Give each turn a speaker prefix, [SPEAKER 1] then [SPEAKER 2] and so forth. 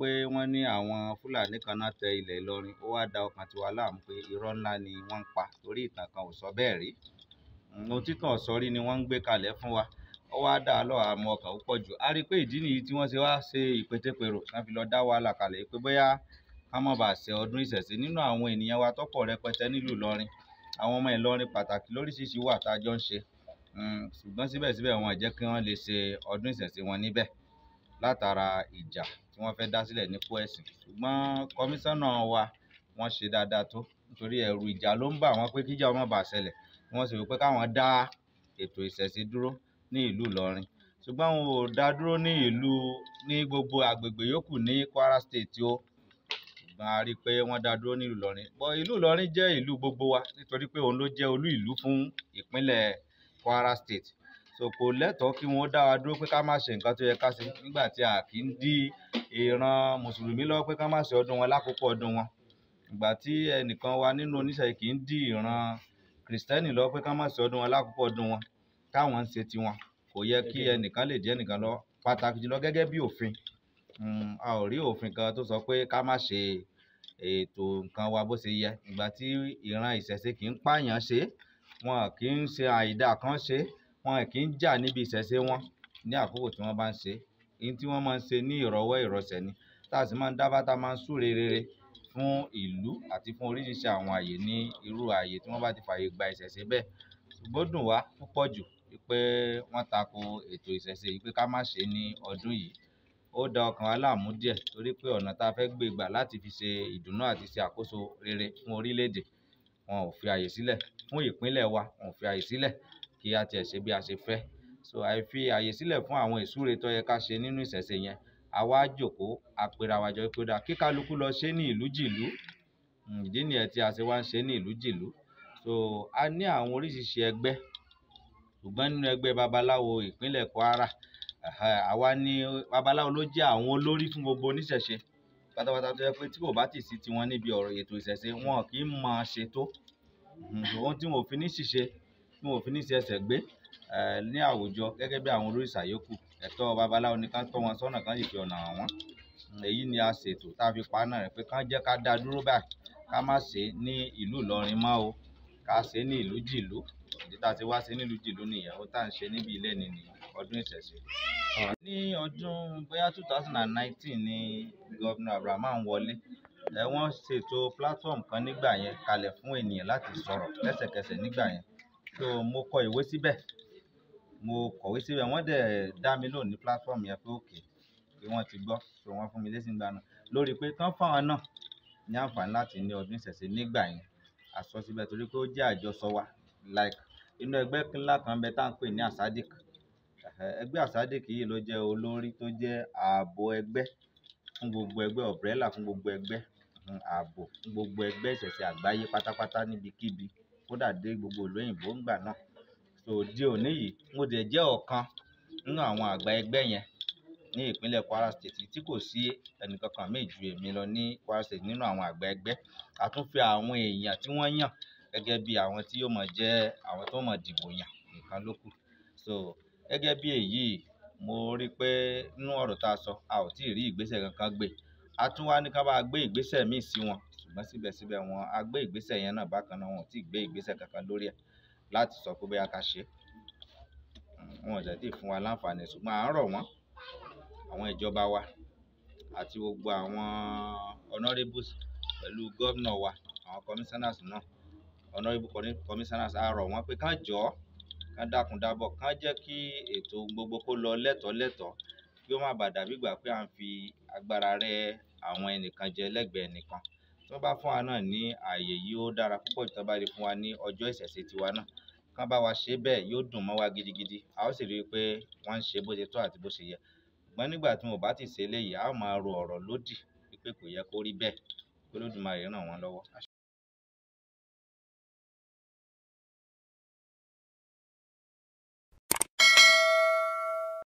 [SPEAKER 1] pé wọ́n ní àwọn Fúlàní kan náà tẹ ilẹ̀ Ìlọrin ó wá da ọkàn tiwa láàmú pé irọ́ ńlá ni wọ́n ń pa torí ìtàn kan ò sọ bẹ́ẹ̀ rí ohun títàn sọrí ni wọ́n ń gbé kalẹ̀ fún wa ó wá dá a lọ́wọ́ àmọ́ ọkàn púpọ̀ jù a rí i pé ìdí nìyí tí wọ́n ṣe wá ṣe ìpètèpèrò wọ́n fi lọ dá wàhálà kalẹ̀ pé bóyá ká má bàa ṣe ọdún ìṣẹ̀ṣe nínú àwọn ènìyàn wa tọ́pọ̀ rẹpẹtẹ nílùú Ìlọrin àwọn ọmọ Ìlọrin pàtàkì lóríṣiríṣi wà tá a jọ ń ṣe hmm, ṣùgbọ́n síbẹ̀síbẹ̀ wọn ò jẹ́ kí wọ́n lè ṣe ọdún ìṣẹ̀ṣe wọn níbẹ̀ látara ìjà tí wọ́n fẹ́ dá sílẹ̀ ní kóẹ̀sì ṣùgbọ́n kọmíṣánná wa wọ́n ṣe dáadáa tó nítorí ẹ̀rù ìjà ló ń bà wọ́n pé kíjà ọmọ bà ṣẹlẹ̀ wọ́n sì rò pé káwọn dá ètò ìṣẹ̀ṣe dúró ní ìlú Ìlọrin ṣùgbọ́n wọn ò dá dúró ní ìlú ní gbogbo àgbègbè yòókù ní Kwara State o ṣùgbọ́n a rí i pé wọ́n dá dúró ní ìlú Ìlọrin bọ́ ìlú Ìlọrin jẹ́ ìlú gbogbo wa nítorí pé òun ló jẹ́ olú ìlú fún ìpínlẹ̀ Kwara State so kò lẹ́tọ̀ọ́ kí wọ́n dá wa dúró pé ká má ṣe nǹkan tó yẹ ká ṣe nígbà tí a kì í dí ìran mùsùlùmí lọ́wọ́ pé ká má ṣe ọdún wọn lákòókò ọdún wọn ìgbà tí ẹnìkan wa nínú oníṣẹ́ kì í dí ìran kìrìsìtẹ́nì lọ́wọ́ pé ká má ṣe ọdún wọn lákòókò ọdún wọn táwọn ń ṣe tiwọn kò yẹ kí ẹnìkan lè jẹ́ ẹnìkan lọ pàtàkì jùlọ gẹ́gẹ́ bí òfin hmm, a ò rí òfin kan tó sọ pé ká má ṣe ètò nǹkan wa bó ṣe yẹ ìgbà tí ìran ìṣẹ̀ṣe kì í pààyàn ṣe wọn kì í ṣe àìdá kan ṣe wọn kì í jà níbi ìṣẹ̀ṣe wọn ní àkókò tí wọ́n bá ń ṣe èyí tí wọ́n máa ń ṣe ní ìrọ̀wọ́ ìrọ̀sẹ̀ ni tá a sì máa ń dábá tá a máa ń súre rere fún ìlú àti fún oríṣiríṣi àwọn àyè ní irú àyè tí wọ́n bá ti fàyè gba ìṣẹ̀ṣe bẹ́ẹ̀ ṣùgbọ́n dùn wá púpọ̀ jù pé wọ́n tako ètò ìṣẹ̀ṣe yìí pé ká má ṣe ní ọdún yìí ó da ọkàn wa láàmú díẹ̀ torí pé ọ̀nà tá a fẹ́ gbé gbà láti fi ṣe ìdùnnú àti ṣe àkóso rere fún orílẹ̀-èdè wọn ò fi àyè sílẹ̀ fún ìpínlẹ̀ wa wọn ò fi àyè sílẹ̀ kí a tiẹ̀ ṣe bí a ṣe fẹ́ so àìfi àyè sílẹ̀ fún àwọn ìsúre tó yẹ ká ṣe nínú ìṣẹ̀ṣe yẹn a wá jòkóó a pera wa jọ pé ó dáa kí kálukú lọ ṣe ní ìlú jìlú hmm, ìdí nìyẹn tí a ṣe wá ń ṣe ní ìlú jìlú so a ní àwọn oríṣiríṣi ẹgbẹ́ ṣùgbọ́n nínú ẹgbẹ́ babaláwo ìpínlẹ̀ Kwara àwa ni babaláwo ló jẹ́ àwọn olórí fún gbogbo oníṣẹ̀ṣe pátápátá tó yẹ pé tí kò bá tì sí tiwọn níbi ọ̀rọ̀ ètò ìṣẹ̀ṣe wọn kì í mọ̀ ṣe hmm, ohun tí wọn ò fi ní ṣìṣe tí wọn ò fi ní sí ẹsẹ̀ gbé eh, ní àwùjọ gẹ́gẹ́ bí àwọn olórìṣà yòókù ẹ̀tọ́ babaláwo ni ká tọ́ wọn sọ́nà kan yìí fi ọ̀nà hàn èyí ni a ṣètò tá a fi pa náà rẹ̀ pé kán jẹ́ ká dá dúró báyìí ká má ṣe é ní ìlú Ìlọrin mọ́ o ká ṣe é ní ìlú Jìlú ìdí tá a ti wá ṣe nílùú Jìlú nìyẹn ó tá à ń ṣe níbi ilé ni nìyẹn ọdún ìṣẹ̀ṣe. ní ọdún bóyá two thousand and nineteen ni gọ́vnà Abdulrahman wọlé eh, wọ́n ṣètò platform kan nígbà yẹn kalẹ̀ fún ènìyàn láti sọ̀rọ̀ lẹ́sẹ̀kẹsẹ̀ nígbà yẹn so mo kọ ìwé síbẹ̀ mo kọ̀wé síbẹ̀ wọ́n dẹ̀ dá mi lóhùn ní platform yẹn pé òkè pé wọ́n ti gbọ́ so wọ́n fún mi lésì gbà náà lórí pé kán fáwọn náà ní àǹfààní láti ní ọdún ìṣẹ̀ṣe nígbà yẹn àsọ síbẹ̀ torí pé ó jẹ́ àjọsọ wa like inú ẹgbẹ́ ńlá kan bẹ tá à ń pè ní àsádìk ẹgbẹ́ àsádìk yìí ló jẹ́ olórí tó jẹ́ ààbò ẹgbẹ́ fún gbogbo ẹgbẹ́ ọ̀brẹ́là fún gbogbo ẹgbẹ́ ààbò fún gbogbo ẹgbẹ́ ìṣẹ̀ṣe àgbáyé pátápátá níbikíbi kódà dé gbogbo ìlú òyìnbó ńgbà náà so di òní yìí mo dẹ̀ jẹ́ ọ̀kan nínú àwọn àgbà ẹgbẹ́ yẹn ní ìpínlẹ̀ Kwara State tí kò sí ẹnìkankan meju ju èmi lọ ní Kwara State nínú àwọn àgbà ẹgbẹ́ a àwọn èèyàn tí wọ́n yàn gẹ́gẹ́ bí àwọn tí yóò mọ̀ jẹ́ àwọn tó mọ̀ dìbò so gẹ́gẹ́ bí èyí mo rí i pé nínú ọ̀rọ̀ tá sọ a ò tí ì rí ìgbésẹ̀ kankan gbé a tún wá ní ká ṣùgbọ́n síbẹ̀síbẹ̀ wọn a gbé ìgbésẹ̀ yẹn náà bákan náà wọn ò tí ì gbé ìgbésẹ̀ kankan lórí ẹ̀ láti sọ pé bóyá ká ṣe wọn ò tẹ̀ fún wa láǹfààní ṣùgbọ́n à ń rọ̀ wọ́n àwọn ìjọba wa àti gbogbo àwọn honourables pẹ̀lú gómìnà wa àwọn commissioners náà honourable commissioners a rọ̀ wọ́n pé kán jọ́ kán dákun dábọ̀ kán jẹ́ kí ètò gbogbo kó lọ lẹ́tọ̀ọ́ kí ó má bàa dàbí ìgbà pé à ń fi agbára rẹ àwọn ẹnìkan jẹ lẹ́gbẹ̀ẹ́ ẹnìkan tí wọ́n bá fún wa náà ní ààyè yìí ó dára púpọ̀ jù tí wọ́n bá rí fún wa ní ọjọ́ ìṣẹ̀ṣe tiwa náà kán bá wa ṣe bẹ́ẹ̀ yóò dùn mọ́ wa gidigidi a ó sì rí i pé wọ́n ń ṣe bó ṣe tọ́ àti bó ṣe yẹ ṣùgbọ́n nígbà tí wọn bá ti ṣe eléyìí a ó máa ro ọ̀rọ̀ lódì wípé kò yẹ kó rí bẹ́ẹ̀ kí Olódùmarè ràn wọ́n lọ́wọ́